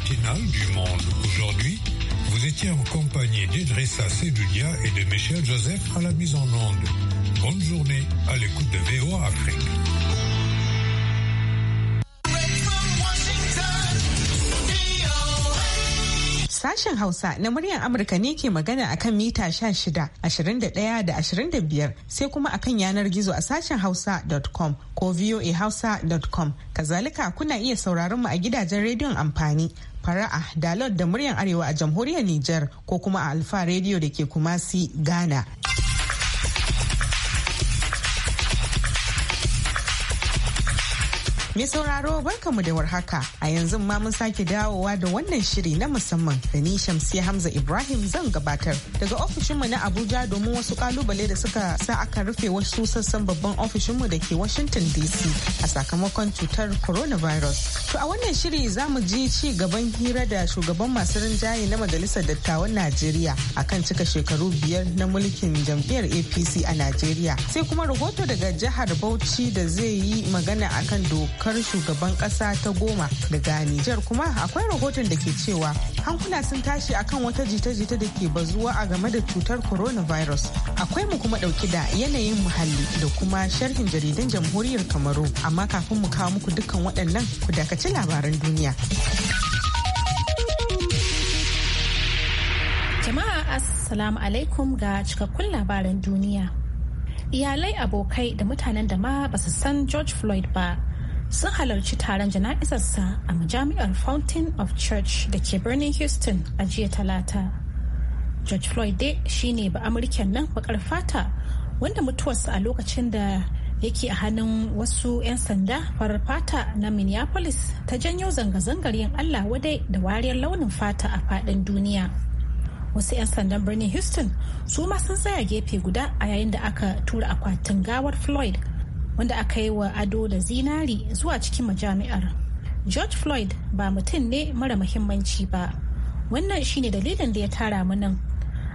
matinale du Monde aujourd'hui, vous étiez en compagnie d'Idrissa Sedulia et de Michel Joseph à la mise en onde. Bonne journée à l'écoute de VOA Afrique. Sashen Hausa na muryar Amurka ne ke magana akan mita 16, 21 da 25 sai kuma akan yanar gizo a sashen hausa.com ko voahausa.com. Kazalika kuna iya sauraron mu a gidajen rediyon amfani fara'a dalot da muryar arewa a jamhuriyar niger ko kuma a alfa rediyo da ke kumasi ghana Mai sauraro mu da warhaka a yanzu ma mun sake dawowa da wannan shiri na musamman da ni Shamsi Hamza Ibrahim zan gabatar daga ofishinmu na Abuja domin wasu kalubale da suka sa aka rufe wasu sassan babban ofishinmu da ke Washington DC a sakamakon cutar coronavirus. To a wannan shiri za mu ji ci gaban hira da shugaban masu rinjaye na Majalisar Dattawan Najeriya akan cika shekaru biyar na mulkin jam'iyyar APC a Najeriya. Sai kuma rahoto daga jihar Bauchi da zai yi magana akan dokar rumfar shugaban ƙasa ta goma daga Nijar kuma akwai rahoton da ke cewa hankula sun tashi akan wata jita-jita da ke bazuwa a game da cutar coronavirus. Akwai mu kuma dauki da yanayin muhalli da kuma sharhin jaridan jamhuriyar Kamaru amma kafin mu kawo muku dukkan waɗannan ku dakaci labaran duniya. Jama'a Assalamu alaikum ga cikakkun labaran duniya. iyalai abokai da mutanen da ma ba su san george floyd ba sun halarci taron jana'izarsa a majami'ar fountain of church da ke birnin houston a jiya talata george floyd dai shine ba amurken nan bakar fata wanda mutuwarsa a lokacin da yake a hannun wasu 'yan sanda farar fata na minneapolis ta janyo zanga-zangar yin allah wadai da wariyar launin fata a fadin duniya wasu 'yan sandan birnin houston su ma sun tsaya gefe guda a yayin da aka tura akwatin gawar floyd wanda aka yi wa ado da zinari zuwa cikin majami'ar george floyd ba mutum ne mara muhimmanci ba wannan shine dalilin da ya tara mu nan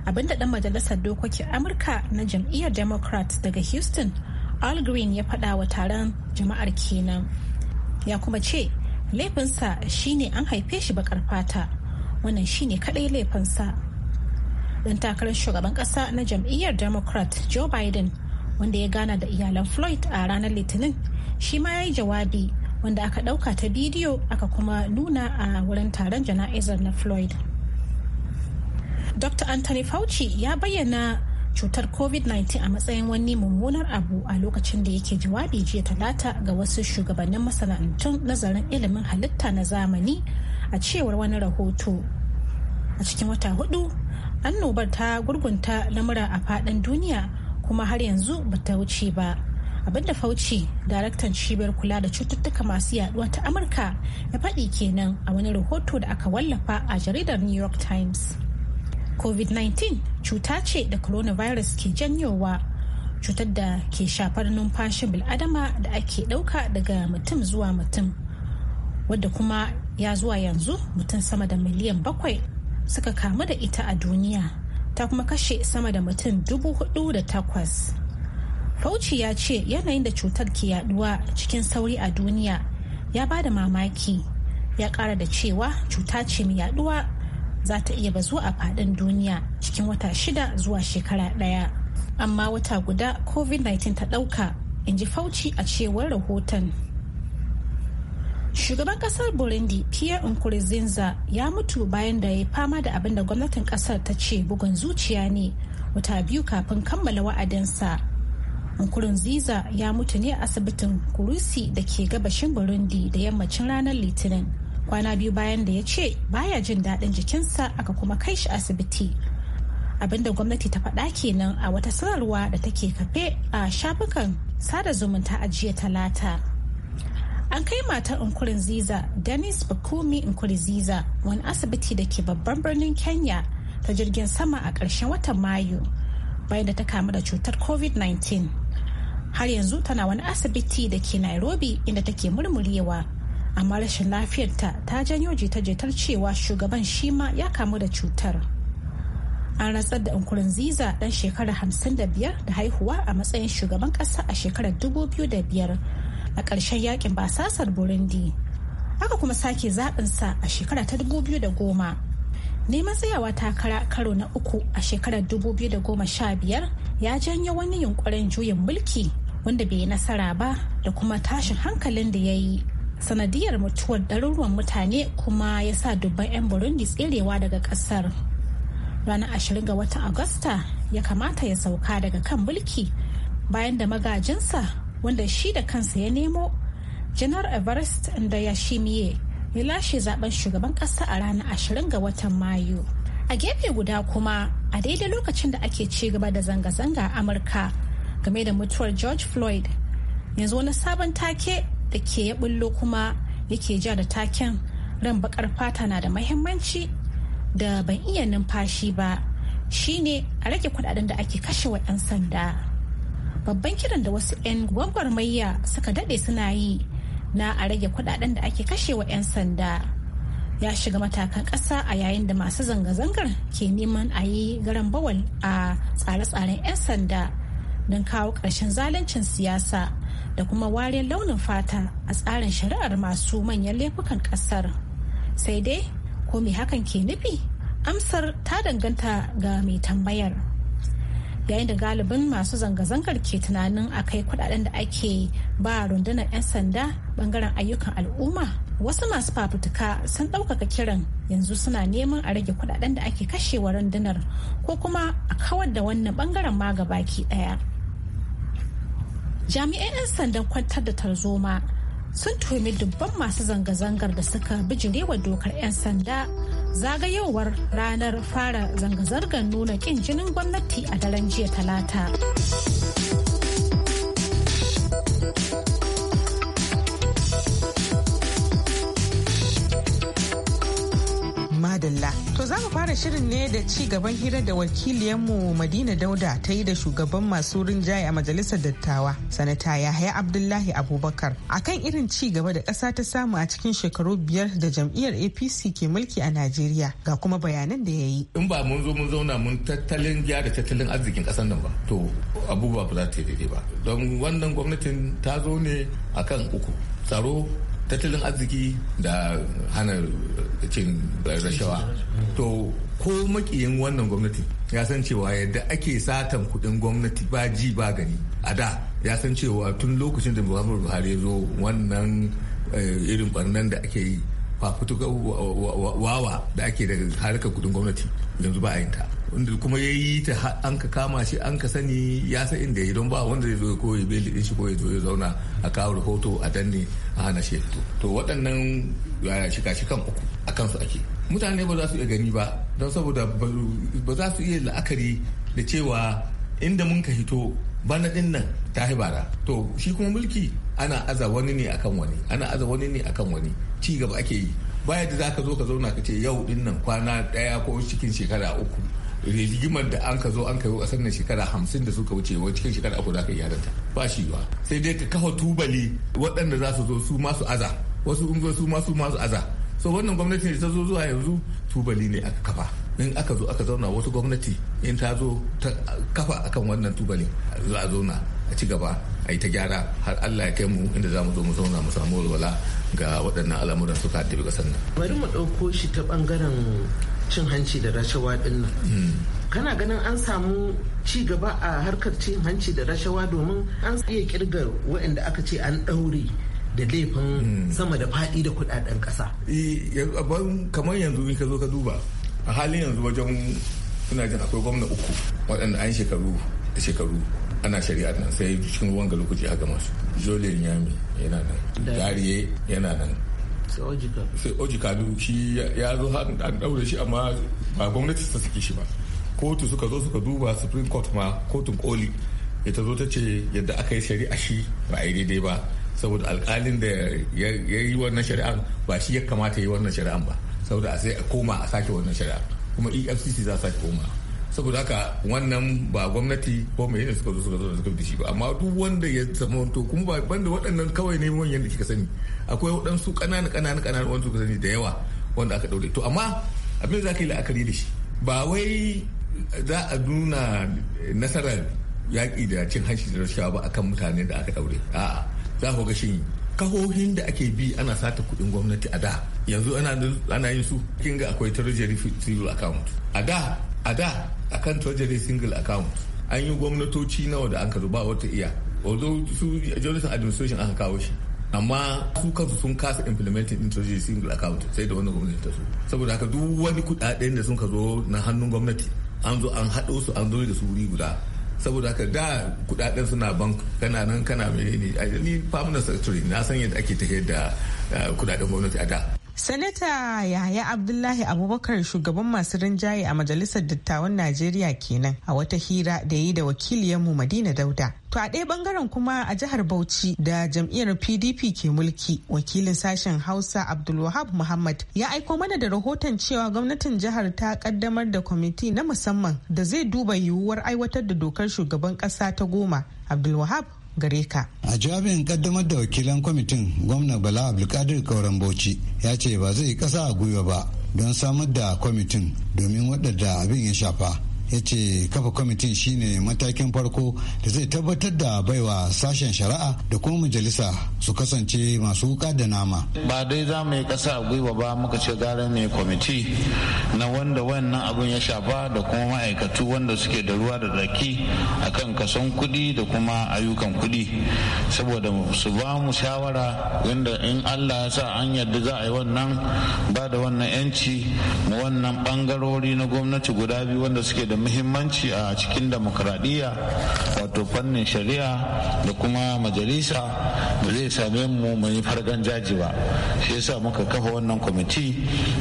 abinda dan majalisar dokokin amurka na jam'iyyar democrat daga houston al green ya faɗa wa taron jama'ar kenan ya kuma ce laifinsa shine an haife shi bakar fata wannan shine kadai laifinsa dan takarar shugaban kasa na jam'iyyar democrat joe biden wanda ya gana da iyalan floyd a ranar litinin shi ma ya yi jawabi wanda aka ɗauka ta bidiyo aka kuma nuna a wurin taron jana'izar na floyd dr anthony fauci ya bayyana cutar covid-19 a matsayin wani mummunar abu a lokacin da yake jawabi jiya talata ga wasu shugabannin masana'antun nazarin ilimin halitta na zamani a cewar wani rahoto a cikin wata hudu annobar ta gurgunta lamura a fadin duniya kuma har yanzu ba ta wuce ba abinda fauci daraktan cibiyar kula da cututtuka masu yaduwa ta amurka ya faɗi kenan a wani rahoto da aka wallafa a jaridar new york times covid-19 cuta ce da coronavirus ke janyowa cutar da ke shafar numfashin bil'adama da ake ɗauka daga mutum zuwa mutum wadda kuma ya zuwa yanzu mutum sama da miliyan bakwai suka kamu da ita a duniya ta kuma kashe sama da mutum dubu hudu da takwas. Fauci ya ce yanayin da cutar ke yaduwa cikin sauri a duniya ya ba da mamaki ya kara da cewa cuta ce mai yaduwa za ta iya bazuwa a fadin duniya cikin wata shida zuwa shekara daya. Amma wata guda COVID-19 ta dauka, in ji Fauci a cewar rahoton. Shugaban kasar Burundi Pierre Nkurunziza ya mutu bayan da ya fama da abin da gwamnatin kasar ta ce bugun zuciya ne wata biyu kafin kammala wa'adinsa. Nkurunziza ya mutu ne a asibitin Kurusi da ke gabashin Burundi da yammacin ranar Litinin. Kwana biyu bayan da ya ce baya jin daɗin jikinsa aka kuma kai shi asibiti. abin da gwamnati ta faɗa kenan a wata sanarwa da take kafe a shafukan sada zumunta a jiya talata. an kai matar Nkurunziza Dennis Bakumi Nkurunziza wani asibiti da ke babban birnin Kenya ta jirgin sama a ƙarshen watan Mayu bayan da ta kamu da cutar COVID-19. Har yanzu tana wani asibiti da ke Nairobi inda take murmurewa. Amma rashin lafiyarta ta janyo jita-jitar cewa shugaban shi ma ya kamu da cutar. An ratsar da Nkurunziza ɗan shekara 55 da haihuwa a matsayin shugaban ƙasa a shekarar 2005 a ƙarshen yakin basasar burundi aka kuma sake zaɓinsa a shekara ta da goma. neman tsayawa takara karo na uku a shekarar da goma sha biyar ya janyo wani yunkurin juyin mulki wanda bai yi nasara ba da kuma tashin hankalin da ya yi sanadiyar mutuwar ɗaruruwan mutane kuma ya sa dubban 'yan burundi tserewa daga ƙasar ranar 20 ga watan agusta ya kamata ya sauka daga kan mulki bayan da magajinsa wanda shi da kansa ya nemo janar everest da shimiye ya lashe zaben shugaban kasa a ranar 20 ga watan mayu a gefe guda kuma a daidai lokacin da ake ci gaba da zanga-zanga a amurka game da mutuwar george floyd yanzu wani sabon take da ke ya bullo kuma yake ja da taken ran bakar fata na da mahimmanci da ban iya numfashi ba shine a rage kudaden da ake kashe wa 'yan sanda. babban kiran da wasu 'yan gwagwarmayya suka daɗe suna yi na a rage kudaden da ake kashewa 'yan sanda ya shiga matakan ƙasa a yayin da masu zanga-zangar ke neman a yi garan bawal a tsare-tsaren 'yan sanda don kawo ƙarshen zaluncin siyasa da kuma wariyar launin fata a tsarin shari'ar masu manyan laifukan ƙasar sai dai ko me hakan ke nufi amsar ta danganta ga mai tambayar. yayin da galibin masu zanga-zangar ke tunanin a kai kudaden da ake ba rundunar 'yan sanda bangaren ayyukan al'umma wasu masu fafutuka sun ɗaukaka kiran yanzu suna neman a rage kudaden da ake kashewa rundunar ko kuma a kawar da wannan bangaren ma gabaki ɗaya jami'an 'yan sandan kwantar da tarzoma sun tuhumi dubban masu zanga-zangar da suka bijirewa dokar 'yan sanda zagayowar ranar fara zanga-zangar nuna kin jinin gwamnati a daren jiya talata. Abdullah. To za mu fara shirin ne da ci gaban hira da wakiliyanmu Madina Dauda ta yi da shugaban masu rinjaye a majalisar dattawa, sanata Yahaya Abdullahi Abubakar. Akan irin ci gaba da kasa ta samu a cikin shekaru biyar da jam'iyyar APC ke mulki a Najeriya ga kuma bayanan da ya yi. In ba mun zo mun zauna mun tattalin da tattalin arzikin ƙasar nan ba, to abubuwa ba za ta yi daidai ba. Don wannan gwamnatin ta zo ne akan uku. Tsaro tattalin arziki da hana cin rashawa to ko makiyin wannan gwamnati ya san cewa yadda ake satan kudin gwamnati ba ji ba gani a da ya san cewa tun lokacin da muhammadu buhari ya zo wannan eh, irin barnan da ake yi fafutu wawa da ake da harkar kudin gwamnati yanzu ba a yin ta wanda kuma ya yi ta an ka kama shi an ka sani ya sa inda ya don ba wanda zai zo ya koyi beli din shi ko ya zo ya zauna a kawo rahoto a danne a hana shi to waɗannan shika kan uku a kansu ake mutane ba za su iya gani ba don saboda ba za su iya la'akari da cewa inda mun ka hito bana ɗin nan ta bara to shi kuma mulki ana aza wani ne akan wani ana aza wani ne akan wani ci gaba ake yi baya da za ka zo ka zauna ka ce yau dinnan kwana daya ko cikin shekara uku rigimar da an ka zo an kai kasar nan shekara hamsin da suka wuce wa cikin shekara uku za ka gyara ta ba shi yiwa sai dai ka kafa tubali waɗanda za su zo su masu aza wasu in su masu masu aza so wannan gwamnatin da ta zo zuwa yanzu tubali ne aka kafa in aka zo aka zauna wasu gwamnati in ta zo ta kafa akan wannan tubali. za a zauna a ci gaba a yi ta gyara har Allah ya kai mu inda za mu zo mu zauna mu samu walwala ga waɗannan al'amuran suka tafi ƙasar nan. Bari mu ɗauko shi ta ɓangaren cin hanci da rashawa din nan hmm. kana ganin an samu ci gaba a harkar cin hanci da rashawa domin an iya kirga waɗanda aka ce an ɗaure da laifin hmm. sama da faɗi da kuɗaɗen ƙasa. kamar yanzu in ka zo ka duba a halin yanzu wajen suna jin akwai gwamna uku waɗanda an shekaru da shekaru ana shari'a nan sai cikin ruwan ga lokaci haka masu jolin yami yana nan dariye yana nan sai ojikanu shi ya zo an daure shi amma ba gwamnati ta saki shi ba kotu suka zo suka duba supreme court ma kotun koli ya ta zo ta ce yadda aka yi shari'a shi ba a yi daidai ba saboda alkalin da ya yi wannan shari'an ba shi ya kamata ya yi wannan shari'an ba saboda a sai a koma a sake wannan shari'a kuma efcc za a sake koma saboda haka wannan ba gwamnati ko mai yadda suka zo suka zo da suka da shi ba amma duk wanda ya zama wato kuma ba banda waɗannan kawai ne manyan da kika sani akwai waɗansu ƙananan ƙananan ƙananan wanda suka sani da yawa wanda aka ɗaure to amma abin za ka yi la'akari da shi ba wai za a nuna nasarar yaƙi da cin hanci da rashawa ba akan mutane da aka ɗaure a'a za ku ga shin kahohin da ake bi ana sata kuɗin gwamnati a da yanzu ana yin su kinga ga akwai treasury civil account a da a da a kan treasury single account an yi gwamnatoci nawa da an ka ba wata iya although su jonathan administration aka kawo shi amma su kansu sun kasa implementing in treasury single account sai da wani gwamnati ta so saboda haka duk wani kudaden da sun ka zo na hannun gwamnati an zo an haɗo su an zo da su wuri guda saboda haka da kudaden suna bank kana nan kana menene ni permanent secretary na san yadda ake tafiyar da eh, kudaden gwamnati a da Sanata Yahaya Abdullahi Abubakar shugaban masu rinjaye a Majalisar Dattawan Najeriya kenan a wata hira da yi da mu Madina Dauda. To a ɗaya bangaren kuma a jihar Bauchi da jam'iyyar PDP ke mulki wakilin sashen Hausa Abdulwahab Muhammad ya aiko mana da rahoton cewa gwamnatin jihar ta kaddamar da kwamiti na musamman da zai duba yiwuwar aiwatar da dokar shugaban ƙasa ta goma. Abdulwahab gare ka. A jawabin kaddamar da wakilan kwamitin gwamna Bala Abdulkadir Kauran Bauchi ya ce ba zai kasa a gwiwa ba don samar da kwamitin domin waɗanda abin ya shafa. ya ce kafa kwamitin shine matakin farko da zai tabbatar da baiwa sashen shari'a da kuma majalisa su kasance masu wuka da nama ba dai za mu yi kasa a gwiwa ba muka ce gara mai kwamiti na wanda wannan abin ya shafa da kuma ma'aikatu wanda suke da ruwa da a kan kason kudi da kuma ayyukan kudi saboda su ba mu shawara wanda in allah ya sa an yarda za a yi wannan ba da wannan 'yanci mu wannan bangarori na gwamnati guda biyu wanda suke da da muhimmanci a cikin demokradiyya wato fannin shari'a da kuma majalisa ba zai same mu mai fargan jaji ba shi yasa muka kafa wannan kwamiti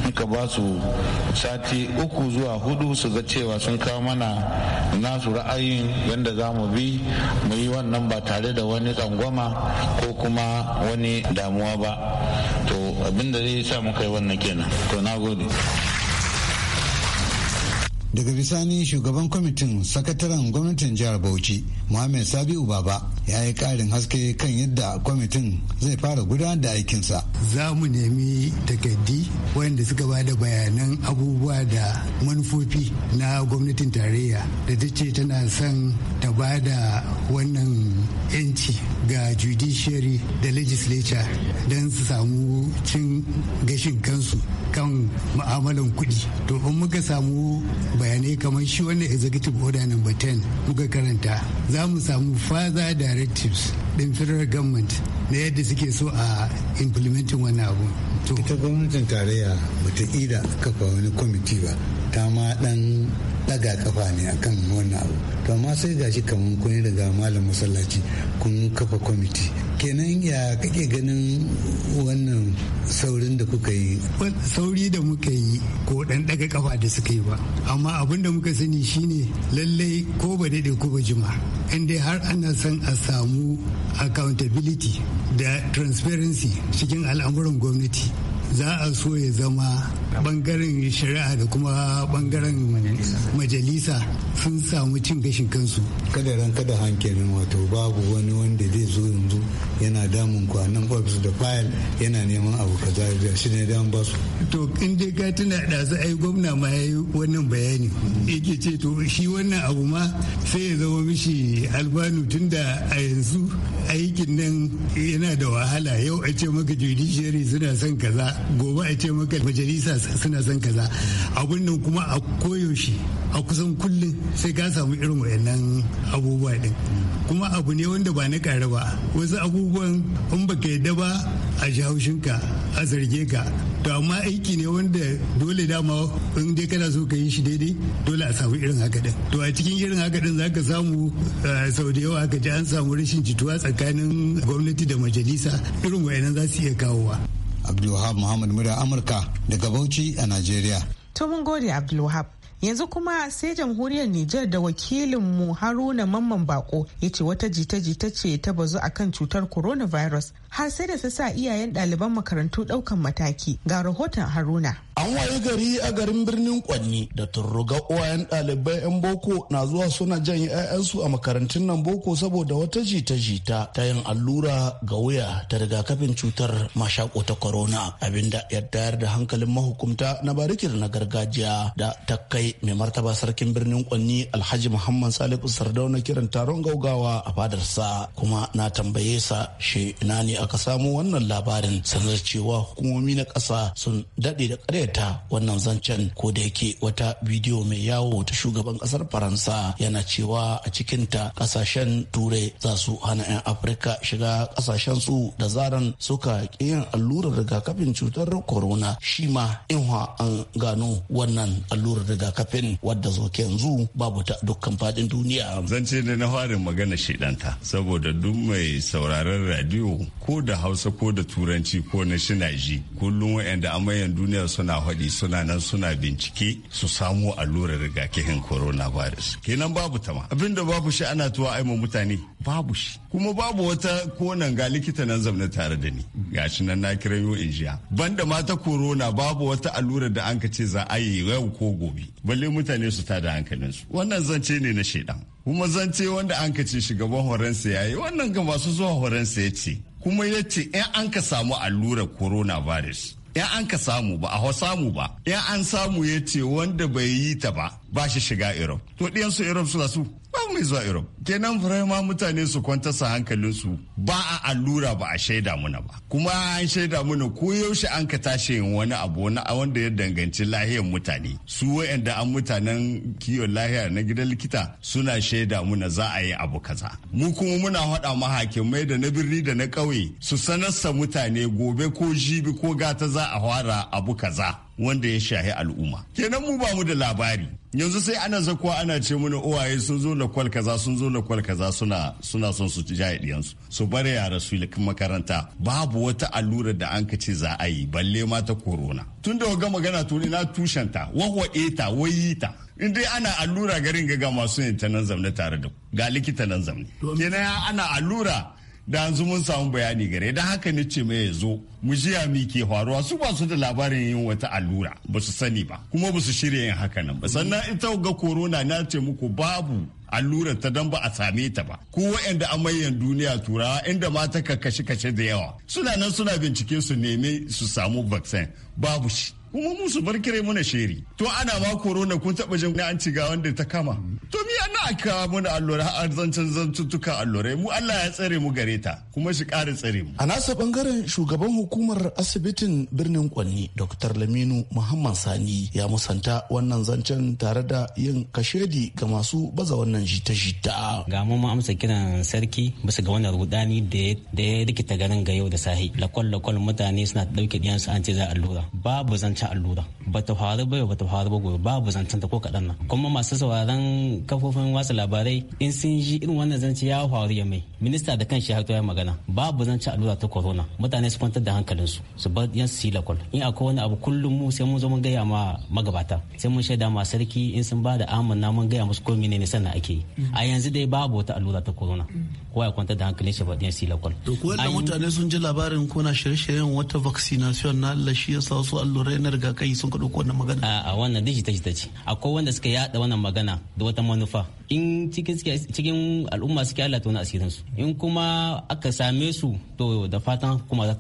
muka ba su sati uku zuwa hudu su ga cewa sun kawo mana nasu ra'ayin yadda za mu bi mu yi wannan ba tare da wani tsangwama ko kuma wani damuwa ba to abinda zai sa muka yi wannan kenan to na gode daga bisani shugaban kwamitin sakataren gwamnatin jihar bauchi muhammed sabiu baba ya yi karin haske kan yadda kwamitin zai fara gudanar da aikinsa za mu nemi takaddi wanda suka ba da bayanan abubuwa da manufofi na gwamnatin tarayya da ta ce tana son ta ba da wannan yanci ga judiciary da legislature don su samu cin gashin kansu kan ma'amalan kuɗi to in muka samu bayanai kamar shi wannan executive order number 10 muka karanta za mu samu further directives din federal government na yadda suke so a implementing wannan abu. to ita gwamnatin tarayya bata ida kafa wani kwamiti ba ta ma dan daga kafa ne akan wannan abu to amma sai gashi kamar kun daga malam masallaci kun kafa kwamiti kenan ya kake ganin wannan saurin da kuka yi sauri da muka yi ko dan daga kafa da suka yi ba amma abin da muka sani shine lallai ko ba daɗe ko ba juma. inda har ana son a samu accountability da transparency cikin al'amuran gwamnati za a so ya zama bangaren shari'a da kuma bangaren majalisa sun samu cin gashin kansu kada ran kada hankalin wato babu wani wanda zai zo yanzu yana damun kwanan ofis da fayil yana neman abu kaza da shi ne dan ba su to in dai ka tuna da za ai gwamna ma ya yi wannan bayani yake ce to shi wannan abu ma sai ya zama mishi albanu tunda a yanzu aikin nan yana da wahala yau a ce maka judiciary suna son kaza gobe a ce maka majalisa suna son kaza abun nan kuma a koyaushe a kusan kullum sai ka samu irin wayannan abubuwa din kuma abu ne wanda ba na ƙara ba wasu abubuwan in ba ka yadda ba a ji haushinka a zarge ka to amma aiki ne wanda dole dama in dai kana so ka yi shi daidai dole a samu irin haka din to a cikin irin haka din zaka samu eh, sau da yawa ka ji an samu rashin jituwa tsakanin gwamnati da majalisa irin wayannan za su iya kawowa abdulwahab muhammad murya amurka daga bauchi a najeriya to mun gode abdulwahab yanzu kuma sai jamhuriyar nijar da wakilin mu haruna mamman bako ya ce wata jita-jita ce ta bazu akan cutar coronavirus har sai da ta sa iyayen ɗaliban makarantu ɗaukan mataki ga rahoton haruna an waye gari a garin birnin kwanni da turruga uwayen ɗalibai 'yan boko na zuwa suna janye 'ya'yansu a makarantun nan boko saboda wata jita-jita ta yin allura ga wuya ta rigakafin cutar mashako ta corona abinda ya tayar da hankalin mahukumta na barikir na gargajiya da ta kai mai martaba sarkin birnin kwanni alhaji muhammad salihu sardauna kiran taron gaugawa a fadarsa kuma na tambaye sa shi ina ne aka samu wannan labarin sanar cewa hukumomi na ƙasa sun daɗe da ƙaryata wannan zancen ko da yake wata bidiyo mai yawo ta shugaban ƙasar faransa yana cewa a cikin ta ƙasashen turai za su hana 'yan afirka shiga ƙasashen su da zaran suka ƙi yin allurar rigakafin cutar corona shi ma in an gano wannan allurar rigakafin rigakafin wadda zoke yanzu babu ta dukkan fadin duniya. Zan ce da na farin magana shidanta saboda duk mai sauraron radio ko da Hausa ko da Turanci ko na shinaji kullum wa'anda amayan duniya suna haɗi suna nan suna bincike su samo allurar rigakafin coronavirus. Kenan babu ta ma. Abinda babu shi ana tuwa ai aima mutane babu shi. Kuma babu wata konan ga likita nan zamna tare da ni. Gashi nan na yo injiya. Banda ma ta corona babu wata allurar da an ka ce za a yi yau ko gobe. balle mutane su tada hankalinsu wannan zance ne na shaidan kuma zance wanda an kace shugaban horonsa ya yi wannan ga masu zuwa horonsa ya ce kuma ya ce in an ka samu allurar coronavirus in an ka samu ba a samu ba in an samu ya ce wanda bai yi ta ba ba shi shiga europe to ɗiyansu europe su mai zuwa Europe. Kenan ma mutane su kwantarsa hankalinsu ba a allura ba a shaida muna ba. Kuma an shaida muna ko yaushe an ka tashi yin wani abu wani wanda ya danganci lahiyar mutane. Su wa'anda an mutanen kiwon lahiya na gidan likita suna shaida muna za a yi abu kaza. Mu kuma muna haɗa ma hakimai da na birni da na ƙauye su sanarsa mutane gobe ko jibi ko gata za a fara abu kaza. wanda ya shahi al'umma kenan mu ba mu da labari yanzu sai ana zakuwa ana ce mana uwaye sun zo na kwal kaza sun zo na kwal kaza suna suna son su jaye diyansu su bare yara su makaranta babu wata allura da an ka za a yi balle ma ta corona tun da ga magana to na tushenta wahwaɗe ta wayi ta in dai ana allura garin ga masu yin ta nan zamne tare da ga likita nan zamne kenan ana allura da an mun samu bayani gare da haka ne ce mai zo mu jiya mi ke faruwa su ba su da labarin yin wata allura ba su sani ba kuma ba su shirya yin haka nan ba sannan ita ga corona na ce muku babu allura ta dan ba a same ta ba ko waɗanda amayyan duniya turawa inda mata ka kashe kashe da yawa suna nan suna bincike su neme su samu vaccine babu shi kuma musu bar kire muna sheri to ana ma korona kun taba jin an ci ga wanda ta kama to mi ana ka muna allura har zancen zantuttuka allurai mu Allah ya tsare mu gare ta kuma shi ƙara tsare mu a nasa bangaren shugaban hukumar asibitin birnin Kwanni Dr. Laminu Muhammad Sani ya musanta wannan zancen tare da yin kashedi ga masu baza wannan jita-jita ga mu amsa kiran sarki bisa ga wannan rudani da ya rikita garin ga yau da sahi lakwal lakwal mutane suna dauke diyansu an ce za allura babu zancen sha allura ba ta faru ba ba ta faru ba gobe babu zancen ta ko kaɗan nan kuma masu sauraron kafofin watsa labarai in sun ji irin wannan zance ya faru ya mai minista da kan shi har ya magana babu zancen allura ta corona mutane su kwantar da hankalinsu su bar yan silakol in akwai wani abu kullum mu sai mun zo mun gaya ma magabata sai mun shaida ma sarki in sun ba da amanna mun gaya musu ko ne sannan ake yi a yanzu dai babu wata allura ta corona kowa ya kwantar da hankalin shi ba yan silakol. to ko mutane sun ji labarin kuna shirye-shiryen wata vaccination na Allah shi ya sa su allurai na riga kai sun ka dauko wannan magana a wannan dishi ta ce akwai wanda suka yada wannan magana da wata manufa in cikin al'umma suke Allah wani asirin su in kuma aka same su to da fatan kuma za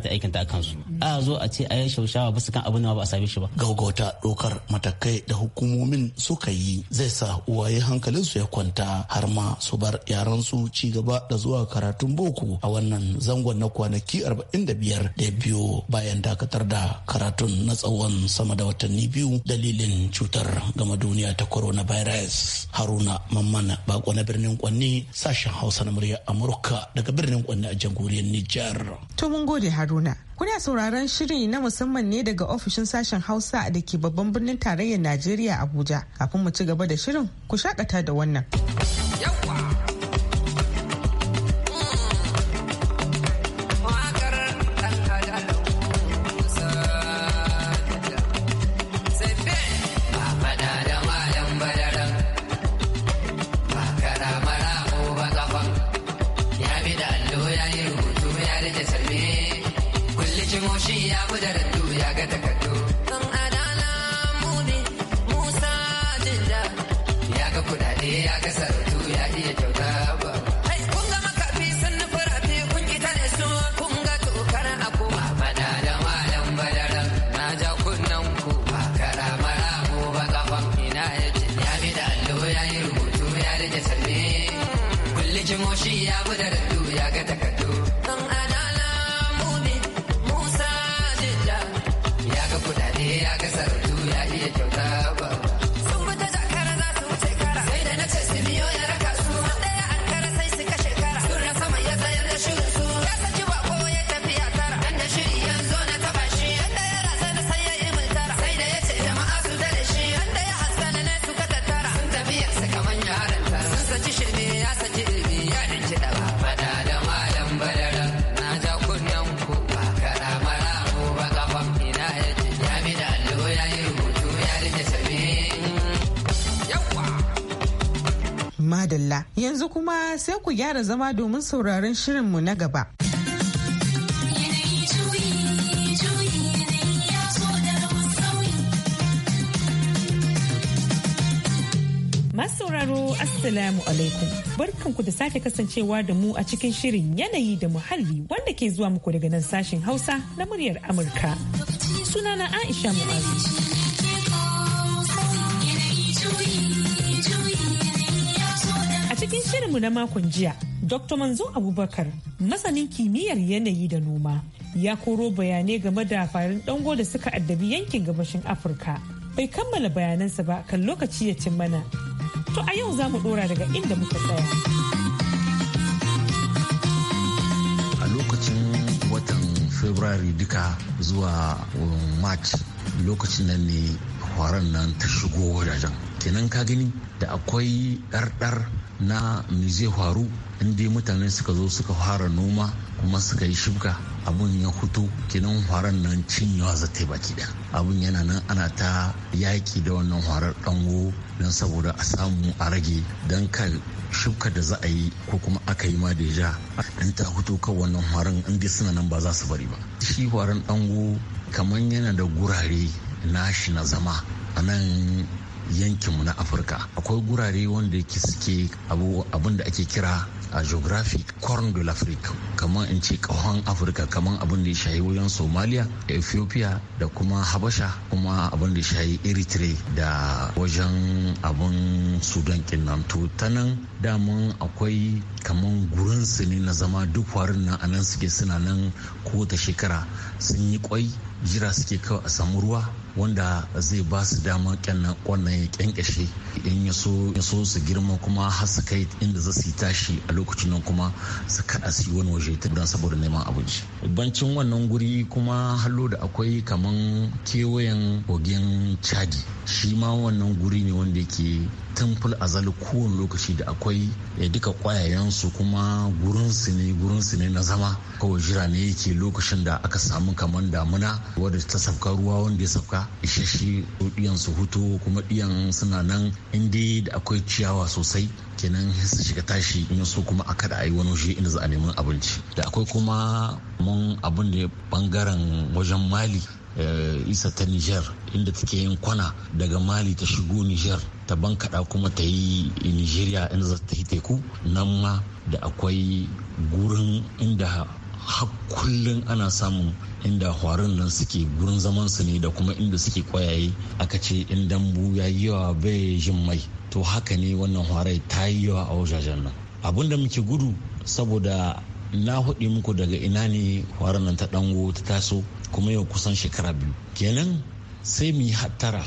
ta aikinta a kansu a zo a ce a yi shaushawa ba su kan abin ba a same shi ba gaugauta ɗaukar matakai da hukumomin suka yi zai sa uwaye hankalin su ya kwanta har ma su bar yaran su ci gaba da zuwa karatun boko a wannan zangon na kwanaki 45 da biyo bayan dakatar da karatun na tsawon sama da watanni biyu dalilin cutar gama duniya ta coronavirus haruna haruna mammana bako na birnin kwanni sashen hausa na muryar amurka daga birnin kwanni a jamhuriyar nijar to mun gode haruna kuna sauraron shiri na musamman ne daga ofishin sashen hausa da ke babban birnin tarayyar najeriya abuja kafin mu ci gaba da shirin ku shakata da wannan yawa sai ku gyara zama domin sauraron shirinmu na gaba. Masauraro assalamu alaikum barkanku da sake kasancewa da mu a cikin shirin yanayi da muhalli wanda ke zuwa muku daga nan sashen hausa na muryar amurka sunana aisha mu'azu cikin shirinmu na makon jiya dr manzo abubakar masanin kimiyyar yanayi da noma ya koro bayanai game da farin dango da suka addabi yankin gabashin afirka bai kammala bayanansa ba kan lokaci ya cin mana to a yau za mu dora daga inda muka tsaya a lokacin watan february duka zuwa um, march lokacin nan ne kwaran nan ta shigo wajajen kenan ka gani da akwai ɗarɗar na me zai faru in dai mutane suka zo suka fara noma kuma suka yi shibka abun ya fito kinan faran nan cinyewa za ta baki da abun yana nan ana ta yaƙi da wannan farar dango don saboda a samu a rage don kan shibka da za a yi ko kuma aka yi ma da ja in ta fito kan wannan faran in dai suna nan ba za su bari ba shi faran dango kamar yana da gurare nashi na zama a nan yankinmu na afirka akwai gurare wanda yake suke abin da ake kira a geographic corn de l'afrique kamar in ce kahon afirka kamar abin da ya shayi wajen somalia da ethiopia da kuma habasha kuma abin da ya shayi eritrea da wajen abin sudan kinnan to ta nan damun akwai kamar gurin su ne na zama duk warin nan anan suke suna nan kowace shekara sun yi kwai jira suke kawai a samu ruwa wanda zai ba su dama wannan ya kyankyashe in ya so su girma kuma har su kai inda za su yi tashi a lokacin nan kuma su kada su yi wani waje ta don saboda neman abinci bancin wannan guri kuma hallo da akwai kaman kewayen kogin chadi shi ma wannan guri ne wanda yake tun a zali kowane lokaci da akwai eh, duka kwayayensu kuma gurinsu ne gurinsu ne na zama kawai jira ne yake lokacin da aka samu kamar damuna wadda ta safka ruwa wanda ya safka isasshe diyan su hutu kuma diyan suna nan inda da akwai ciyawa sosai kenan su shiga tashi in so kuma a kada a yi wani waje inda za a nemi abinci da akwai kuma mun abin da bangaren wajen mali Eh, isa ta niger inda take yin kwana daga mali ta shigo niger ta bankada kuma ta yi nigeria inda za ta yi teku nan ma da akwai gurin inda har ana samun inda hwarin nan suke gurin zamansu ne da kuma inda suke kwayaye aka ce in dambu ya yi yawa bai jin mai to haka ne wannan hwarai ta yi yawa a wajajen nan abin da muke gudu saboda na hudu muku daga ina ne hwarin nan ta dango ta taso kuma yau kusan shekara biyu kenan sai mu yi hattara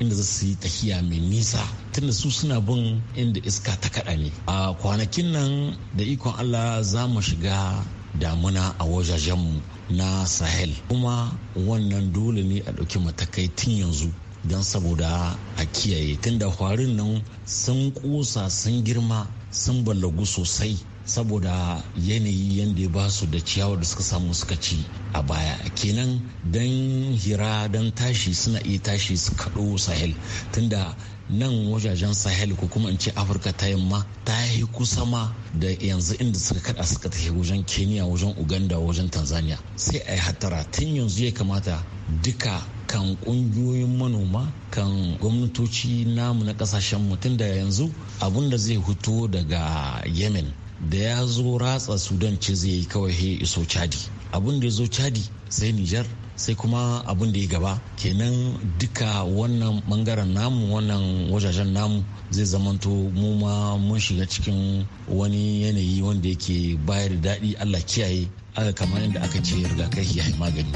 inda za su yi tahiya mai nisa tunda su suna bin inda iska ta kaɗa ne a kwanakin nan da ikon allah za mu shiga damuna a wajajenmu na sahel kuma wannan dole ne a ɗauki matakai tun yanzu don saboda a kiyaye tunda kwarin nan sun kusa sun girma sun balagu sosai saboda yanayi yadda ba su da ciyawar da suka samu suka ci a baya kenan don hira don tashi suna iya tashi su kaɗo sahel tunda nan wajajen sahel ko kuma in ce afirka ta yamma ta yi kusa ma da yanzu inda suka kada suka tafi wajen kenya wajen uganda wajen tanzania sai a yi hatara tun yanzu ya kamata duka kan kungiyoyin manoma kan gwamnatoci namu na kasashen mutum da yanzu abun da zai fito daga yemen da ya zo ratsa sudan ce zai yi kawai he iso chadi abun da ya zo chadi sai nijar sai kuma abun da ya gaba kenan duka wannan bangaren namu wannan wajajen namu zai zamanto mu ma mun shiga cikin wani yanayi wanda yake bayar da daɗi allah kiyaye aka kamar yadda aka ce rigakafi ya yi magani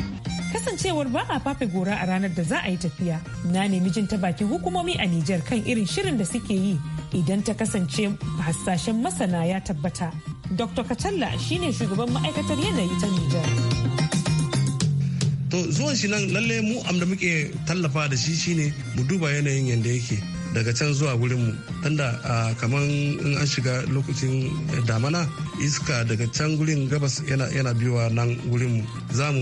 kasancewar ba a fafe gora a ranar da za a yi tafiya na nemi jin ta bakin hukumomi a Nijar kan irin shirin da suke yi idan ta kasance hasashen masana ya tabbata. Dr. Kacalla shine shugaban ma'aikatar yanayi ta Nijar. To zuwan shi nan lalle mu amda muke tallafa da shi shine mu duba yanayin yadda yake daga can zuwa wurinmu tunda kamar in an shiga lokacin damana iska daga can gurin gabas yana yana biyowa nan wurinmu za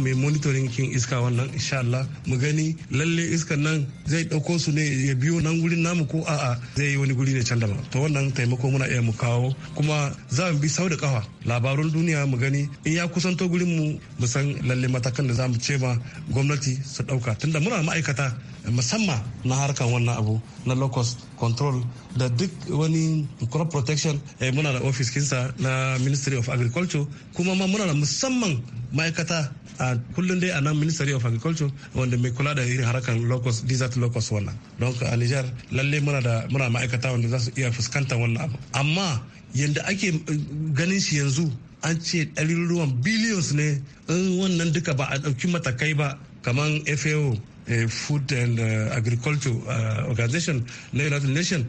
mu yi monitoring kin iska wannan insha Allah mu gani lalle iskan nan zai ɗauko su ne ya biyo nan gurin namu ko a'a zai yi wani guri ne can daban to wannan taimako muna iya mu kawo kuma za mu bi sau da kafa labarun duniya mu gani in ya kusanto gurinmu mu san lalle matakan da za mu ce ma gwamnati su ɗauka tunda muna ma'aikata musamman na harkan wannan abu na locust control da duk wani crop protection eh, muna da office kinsa na ministry of agriculture kuma ma muna da musamman ma'aikata a kullum dai a nan ministry of agriculture wanda mai kula da irin harkar locust desert locust wannan don a nijar lalle muna da muna ma'aikata wanda za su iya fuskantar wannan abu amma yadda ake eh, ganin shi yanzu an ce ɗaruruwan billions ne in wannan duka ba a ɗauki matakai ba kamar fao food and uh, agriculture uh, organization na united nation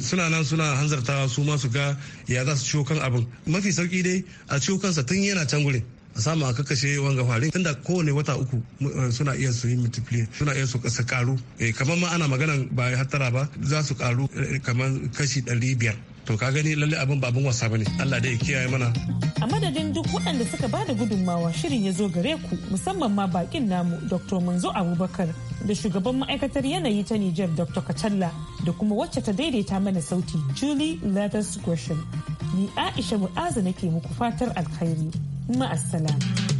suna nan suna hanzartawa su ma su ga ya za su ciwo kan abin mafi sauki dai a ciwo kansa tun yana can gurin a samu a kakashe wanga farin tunda kowane wata uku uh, suna iya su yi multiply suna iya su karu eh, kamar ma ana maganan ba hattara ba za su karu eh, kamar kashi 500 to ka gani lalle abin ba wasa bane Allah da ya kiyaye mana a madadin duk waɗanda suka bada gudummawa shirin ya zo gare ku musamman ma bakin namu Dr. Manzo Abubakar da shugaban ma'aikatar yanayi ta Nijar Dr. Kacalla da kuma wacce ta daidaita mana sauti Julie Lathers question ni Aisha Mu'azu nake muku fatar alkhairi ma'assalam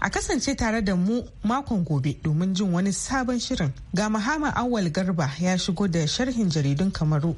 A kasance tare da mu makon gobe domin jin wani sabon shirin. Ga Muhammad Awal Garba ya shigo da sharhin jaridun Kamaru.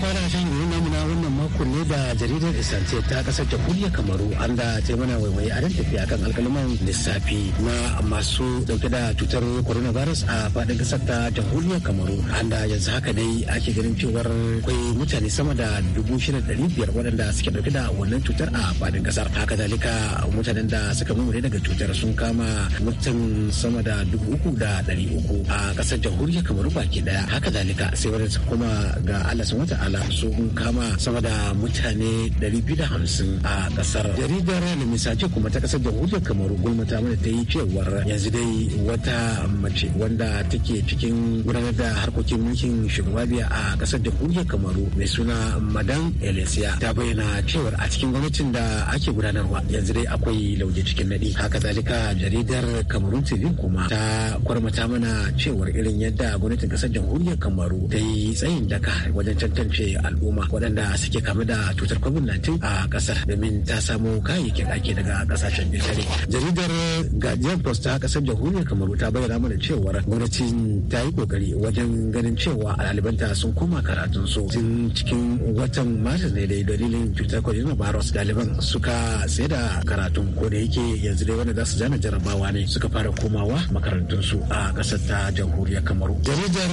fara shan yiwu namu na wannan makon ne da jaridar isance ta kasar jamhuriyar kamaru an da ta mana waiwaye a tafiya kan alkalman lissafi na masu dauke da cutar coronavirus a faɗin kasar ta jamhuriyar kamaru an da yanzu haka dai ake ganin cewar akwai mutane sama da dubu shida da biyar waɗanda suke dauke da wannan cutar a fadin kasar haka zalika mutanen da suka mumure daga cutar sun kama mutum sama da dubu uku da dari uku a kasar jamhuriyar kamaru baki ɗaya haka zalika sai wadanda kuma ga allah sun wata ta'ala sun kama sama da mutane 250 a kasar jaridar misace kuma ta kasar jamhuriyar kamaru gulma ta mana ta yi cewar yanzu dai wata mace wanda take cikin gudanar da harkokin mulkin shugabiya biya a kasar jamhuriyar kamaru mai suna madan elisiya ta bayyana cewar a cikin gwamnatin da ake gudanarwa yanzu dai akwai lauje cikin nadi haka zalika jaridar kamaru tv kuma ta kwarmata mana cewar irin yadda gwamnatin kasar jamhuriyar kamaru ta yi tsayin daka wajen tantance rufe al'umma waɗanda suke kama da cutar covid-19 a ƙasar domin ta samu kayayyakin aiki daga ƙasashen ƙetare jaridar guardian post ta ƙasar jamhuriyar kamaru ta bayyana mana cewar gwamnatin ta yi kokari wajen ganin cewa ɗalibanta sun koma karatun su tun cikin watan maris ne dai dalilin cutar coronavirus ɗaliban suka tsaye da karatun ko da yake yanzu dai wanda za su zana jarabawa ne suka fara komawa makarantun su a ƙasar ta jamhuriyar kamaru jaridar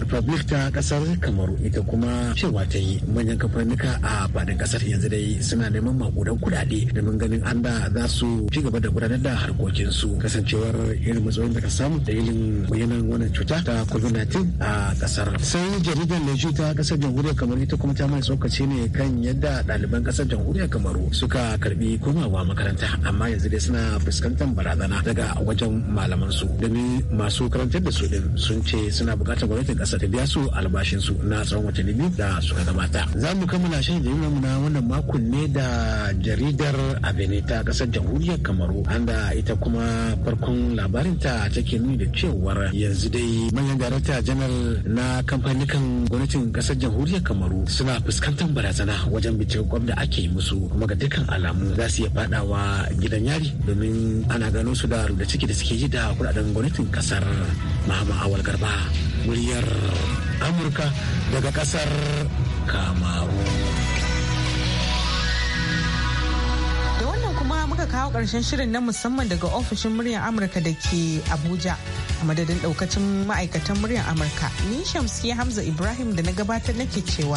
republic ta ƙasar kamaru ita kuma cewa ta yi manyan kamfanika a faɗin kasar yanzu dai suna neman makudan kuɗaɗe domin ganin an da za su ci gaba da gudanar da harkokinsu kasancewar irin matsayin da ka samu da irin bayanan wannan cuta ta covid-19 a kasar. sai jaridar leju ta ƙasar jamhuriyar kamaru ta kuma ta mai tsokaci ne kan yadda ɗaliban kasar jamhuriyar kamaru suka karbi komawa makaranta amma yanzu dai suna fuskantar barazana daga wajen malaman su domin masu karantar da su din sun ce suna buƙatar gwamnatin kasar ta biya su albashinsu na tsawon watanni biyu da suka gabata. Za mu kammala shirin jirgin mu na wannan makon ne da jaridar Abene ta kasar jamhuriyar Kamaru anda ita kuma farkon labarinta take nuni da cewar yanzu dai manyan darakta janar na kamfanikan gwamnatin kasar jamhuriyar Kamaru suna fuskantar barazana wajen bice kwam da ake musu kuma ga dukkan alamu za su iya fadawa gidan yari domin ana gano su da rubda ciki da suke yi da kudaden gwamnatin kasar Mahama Awal Garba. muryar amurka daga kasar kamaru da wannan kuma muka kawo ƙarshen shirin na musamman daga ofishin muryar amurka da ke abuja a madadin ɗaukacin ma'aikatan muryar amurka ni ya hamza ibrahim da na gabatar nake cewa